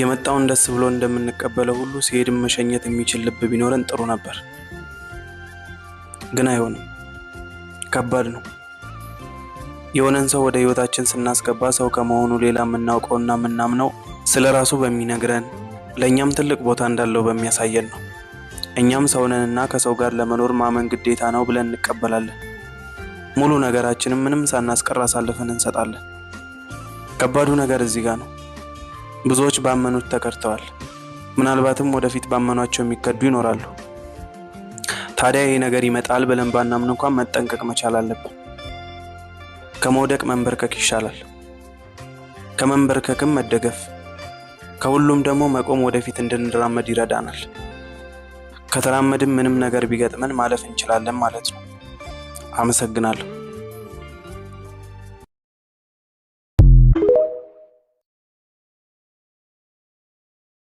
የመጣውን ደስ ብሎ እንደምንቀበለው ሁሉ ሲሄድም መሸኘት የሚችል ልብ ቢኖረን ጥሩ ነበር፣ ግን አይሆንም። ከባድ ነው። የሆነን ሰው ወደ ህይወታችን ስናስገባ ሰው ከመሆኑ ሌላ የምናውቀውና የምናምነው ስለ ራሱ በሚነግረን ለእኛም ትልቅ ቦታ እንዳለው በሚያሳየን ነው። እኛም ሰውነንና ከሰው ጋር ለመኖር ማመን ግዴታ ነው ብለን እንቀበላለን። ሙሉ ነገራችንም ምንም ሳናስቀር አሳልፈን እንሰጣለን። ከባዱ ነገር እዚህ ጋር ነው። ብዙዎች ባመኑት ተቀርተዋል። ምናልባትም ወደፊት ባመኗቸው የሚከዱ ይኖራሉ። ታዲያ ይህ ነገር ይመጣል ብለን ባናምን እንኳን መጠንቀቅ መቻል አለብን። ከመውደቅ መንበርከክ ይሻላል። ከመንበርከክም መደገፍ፣ ከሁሉም ደግሞ መቆም ወደፊት እንድንራመድ ይረዳናል። ከተራመድም ምንም ነገር ቢገጥመን ማለፍ እንችላለን ማለት ነው። አመሰግናለሁ።